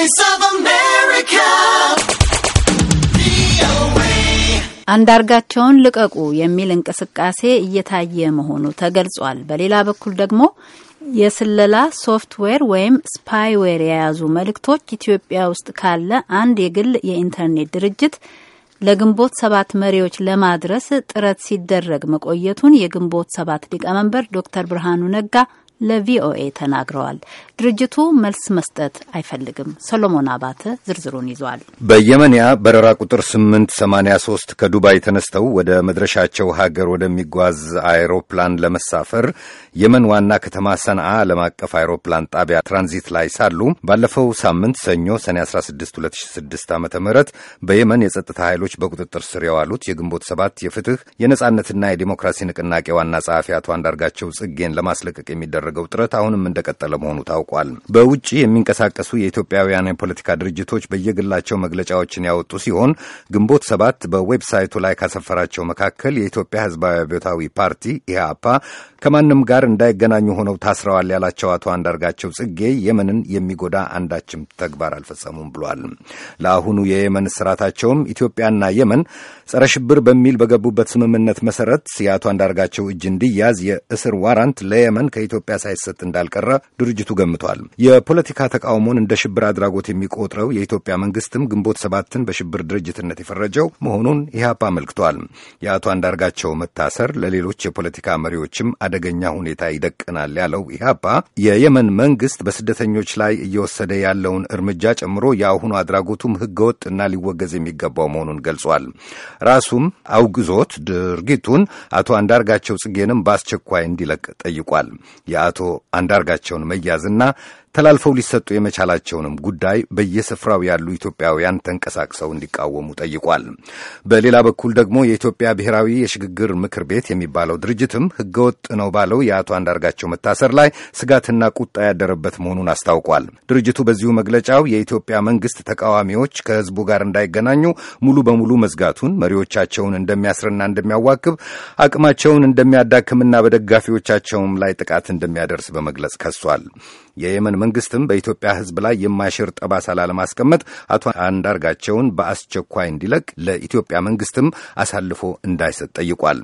Voice of America. አንዳርጋቸውን ልቀቁ የሚል እንቅስቃሴ እየታየ መሆኑ ተገልጿል። በሌላ በኩል ደግሞ የስለላ ሶፍትዌር ወይም ስፓይዌር የያዙ መልእክቶች ኢትዮጵያ ውስጥ ካለ አንድ የግል የኢንተርኔት ድርጅት ለግንቦት ሰባት መሪዎች ለማድረስ ጥረት ሲደረግ መቆየቱን የግንቦት ሰባት ሊቀመንበር ዶክተር ብርሃኑ ነጋ ለቪኦኤ ተናግረዋል። ድርጅቱ መልስ መስጠት አይፈልግም። ሰሎሞን አባተ ዝርዝሩን ይዟል። በየመንያ በረራ ቁጥር 883 ከዱባይ ተነስተው ወደ መድረሻቸው ሀገር ወደሚጓዝ አይሮፕላን ለመሳፈር የመን ዋና ከተማ ሰንዓ ዓለም አቀፍ አይሮፕላን ጣቢያ ትራንዚት ላይ ሳሉ ባለፈው ሳምንት ሰኞ ሰኔ 16 2006 ዓ ም በየመን የጸጥታ ኃይሎች በቁጥጥር ስር የዋሉት የግንቦት ሰባት የፍትህ የነጻነትና የዲሞክራሲ ንቅናቄ ዋና ጸሐፊ አቶ አንዳርጋቸው ጽጌን ለማስለቀቅ የሚደረግ የሚደረገው ጥረት አሁንም እንደቀጠለ መሆኑ ታውቋል። በውጭ የሚንቀሳቀሱ የኢትዮጵያውያን የፖለቲካ ድርጅቶች በየግላቸው መግለጫዎችን ያወጡ ሲሆን ግንቦት ሰባት በዌብሳይቱ ላይ ካሰፈራቸው መካከል የኢትዮጵያ ሕዝባዊ አብዮታዊ ፓርቲ ኢህአፓ ከማንም ጋር እንዳይገናኙ ሆነው ታስረዋል ያላቸው አቶ አንዳርጋቸው ጽጌ የመንን የሚጎዳ አንዳችም ተግባር አልፈጸሙም ብሏል። ለአሁኑ የየመን እስራታቸውም ኢትዮጵያና የመን ጸረ ሽብር በሚል በገቡበት ስምምነት መሰረት የአቶ አንዳርጋቸው እጅ እንዲያዝ የእስር ዋራንት ለየመን ከኢትዮጵያ ሳይሰጥ እንዳልቀረ ድርጅቱ ገምቷል። የፖለቲካ ተቃውሞን እንደ ሽብር አድራጎት የሚቆጥረው የኢትዮጵያ መንግስትም ግንቦት ሰባትን በሽብር ድርጅትነት የፈረጀው መሆኑን ኢህአፓ አመልክቷል። የአቶ አንዳርጋቸው መታሰር ለሌሎች የፖለቲካ መሪዎችም አደገኛ ሁኔታ ይደቅናል ያለው ኢህአፓ የየመን መንግስት በስደተኞች ላይ እየወሰደ ያለውን እርምጃ ጨምሮ የአሁኑ አድራጎቱም ህገወጥ እና ሊወገዝ የሚገባው መሆኑን ገልጿል። ራሱም አውግዞት ድርጊቱን አቶ አንዳርጋቸው ጽጌንም በአስቸኳይ እንዲለቅ ጠይቋል። የአቶ አንዳርጋቸውን መያዝና ተላልፈው ሊሰጡ የመቻላቸውንም ጉዳይ በየስፍራው ያሉ ኢትዮጵያውያን ተንቀሳቅሰው እንዲቃወሙ ጠይቋል። በሌላ በኩል ደግሞ የኢትዮጵያ ብሔራዊ የሽግግር ምክር ቤት የሚባለው ድርጅትም ህገወጥ ነው ባለው የአቶ አንዳርጋቸው መታሰር ላይ ስጋትና ቁጣ ያደረበት መሆኑን አስታውቋል። ድርጅቱ በዚሁ መግለጫው የኢትዮጵያ መንግስት ተቃዋሚዎች ከህዝቡ ጋር እንዳይገናኙ ሙሉ በሙሉ መዝጋቱን፣ መሪዎቻቸውን እንደሚያስርና እንደሚያዋክብ፣ አቅማቸውን እንደሚያዳክምና በደጋፊዎቻቸውም ላይ ጥቃት እንደሚያደርስ በመግለጽ ከሷል። የየመን መንግስትም በኢትዮጵያ ህዝብ ላይ የማይሽር ጠባሳ ላለማስቀመጥ አቶ አንዳርጋቸውን በአስቸኳይ እንዲለቅ ለኢትዮጵያ መንግስትም አሳልፎ እንዳይሰጥ ጠይቋል።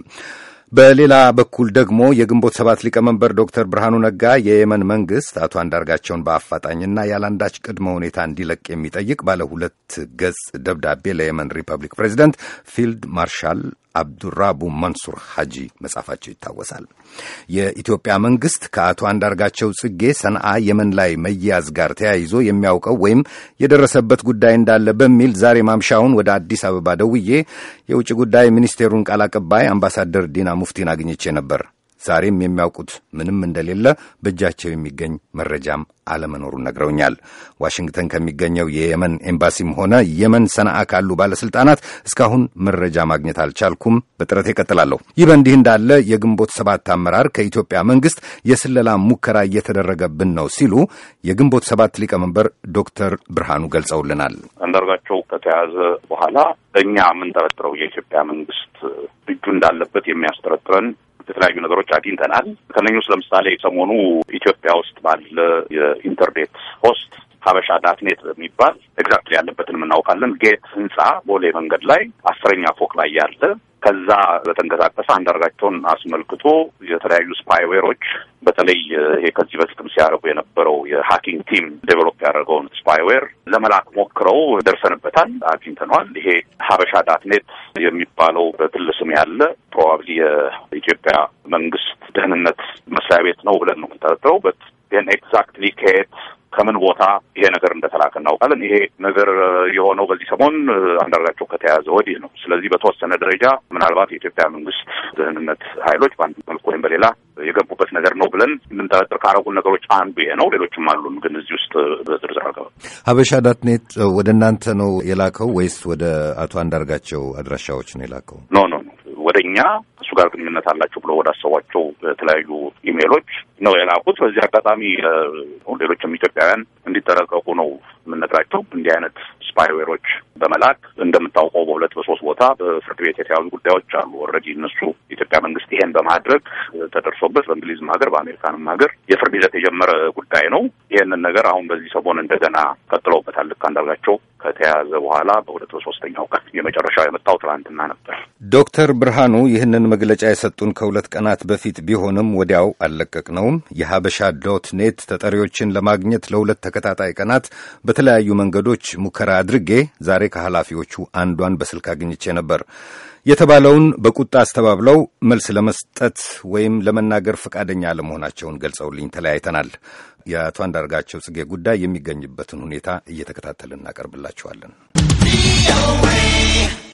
በሌላ በኩል ደግሞ የግንቦት ሰባት ሊቀመንበር ዶክተር ብርሃኑ ነጋ የየመን መንግስት አቶ አንዳርጋቸውን በአፋጣኝና ያላንዳች ቅድመ ሁኔታ እንዲለቅ የሚጠይቅ ባለ ሁለት ገጽ ደብዳቤ ለየመን ሪፐብሊክ ፕሬዚደንት ፊልድ ማርሻል አብዱራቡ መንሱር ሐጂ መጻፋቸው ይታወሳል። የኢትዮጵያ መንግሥት ከአቶ አንዳርጋቸው ጽጌ ሰንአ የመን ላይ መያዝ ጋር ተያይዞ የሚያውቀው ወይም የደረሰበት ጉዳይ እንዳለ በሚል ዛሬ ማምሻውን ወደ አዲስ አበባ ደውዬ የውጭ ጉዳይ ሚኒስቴሩን ቃል አቀባይ አምባሳደር ዲና ሙፍቲን አግኝቼ ነበር። ዛሬም የሚያውቁት ምንም እንደሌለ በእጃቸው የሚገኝ መረጃም አለመኖሩን ነግረውኛል። ዋሽንግተን ከሚገኘው የየመን ኤምባሲም ሆነ የመን ሰነአ ካሉ ባለሥልጣናት እስካሁን መረጃ ማግኘት አልቻልኩም። በጥረት ይቀጥላለሁ። ይህ በእንዲህ እንዳለ የግንቦት ሰባት አመራር ከኢትዮጵያ መንግሥት የስለላ ሙከራ እየተደረገብን ነው ሲሉ የግንቦት ሰባት ሊቀመንበር ዶክተር ብርሃኑ ገልጸውልናል። አንዳርጋቸው ከተያዘ በኋላ እኛ የምንጠረጥረው የኢትዮጵያ መንግሥት እጁ እንዳለበት የሚያስጠረጥረን የተለያዩ ነገሮች አግኝተናል። ከነኙ ውስጥ ለምሳሌ ሰሞኑ ኢትዮጵያ ውስጥ ባለ የኢንተርኔት ሆስት ሀበሻ ዳትኔት የሚባል ኤግዛክትሊ ያለበትን የምናውቃለን። ጌት ህንጻ ቦሌ መንገድ ላይ አስረኛ ፎቅ ላይ ያለ ከዛ በተንቀሳቀሰ አንዳርጋቸውን አስመልክቶ የተለያዩ ስፓይዌሮች በተለይ ይሄ ከዚህ በፊትም ሲያደርጉ የነበረው የሀኪንግ ቲም ዴቨሎፕ ያደርገውን ስፓይዌር ለመላክ ሞክረው ደርሰንበታል፣ አግኝተነዋል። ይሄ ሀበሻ ዳትኔት የሚባለው በግል ስም ያለ ፕሮባብሊ የኢትዮጵያ መንግስት ደህንነት መስሪያ ቤት ነው ብለን ነው የምንጠረጥረው በት ግን ኤግዛክትሊ ከየት ከምን ቦታ ይሄ ነገር እንደተላከ እናውቃለን። ይሄ ነገር የሆነው በዚህ ሰሞን አንዳርጋቸው ከተያዘ ወዲህ ነው። ስለዚህ በተወሰነ ደረጃ ምናልባት የኢትዮጵያ መንግስት ደህንነት ኃይሎች በአንድ መልኩ ወይም በሌላ የገቡበት ነገር ነው ብለን የምንጠረጥር ካረጉን ነገሮች አንዱ ይሄ ነው። ሌሎችም አሉን፣ ግን እዚህ ውስጥ በዝርዝር አልገባም። ሀበሻ ዳትኔት ወደ እናንተ ነው የላከው ወይስ ወደ አቶ አንዳርጋቸው አድራሻዎች ነው የላከው? ኖ ኖ ወደ እኛ እሱ ጋር ግንኙነት አላቸው ብሎ ወዳሰቧቸው የተለያዩ ኢሜሎች ነው የላኩት። በዚህ አጋጣሚ ሌሎችም ኢትዮጵያውያን እንዲጠረቀቁ ነው የምንነግራቸው እንዲህ አይነት ስፓይዌሮች በመላክ እንደምታውቀው በሁለት በሶስት ቦታ በፍርድ ቤት የተያዙ ጉዳዮች አሉ። ኦልሬዲ እነሱ ኢትዮጵያ መንግስት ይሄን በማድረግ ተደርሶበት በእንግሊዝም ሀገር በአሜሪካንም ሀገር የፍርድ ይዘት የጀመረ ጉዳይ ነው። ይህንን ነገር አሁን በዚህ ሰሞን እንደገና ቀጥለውበታል። ልክ አንዳርጋቸው ከተያዘ በኋላ በሁለት በሶስተኛው ቀን የመጨረሻው የመጣው ትናንትና ነበር። ዶክተር ብርሃኑ ይህንን መግለጫ የሰጡን ከሁለት ቀናት በፊት ቢሆንም ወዲያው አልለቀቅነውም። የሀበሻ ዶት ኔት ተጠሪዎችን ለማግኘት ለሁለት ተከታታይ ቀናት በተለያዩ መንገዶች ሙከራ አድርጌ ዛሬ ከኃላፊዎቹ አንዷን በስልክ አግኝቼ ነበር። የተባለውን በቁጣ አስተባብለው መልስ ለመስጠት ወይም ለመናገር ፈቃደኛ አለመሆናቸውን ገልጸውልኝ ተለያይተናል። የአቶ አንዳርጋቸው ጽጌ ጉዳይ የሚገኝበትን ሁኔታ እየተከታተልን እናቀርብላችኋለን።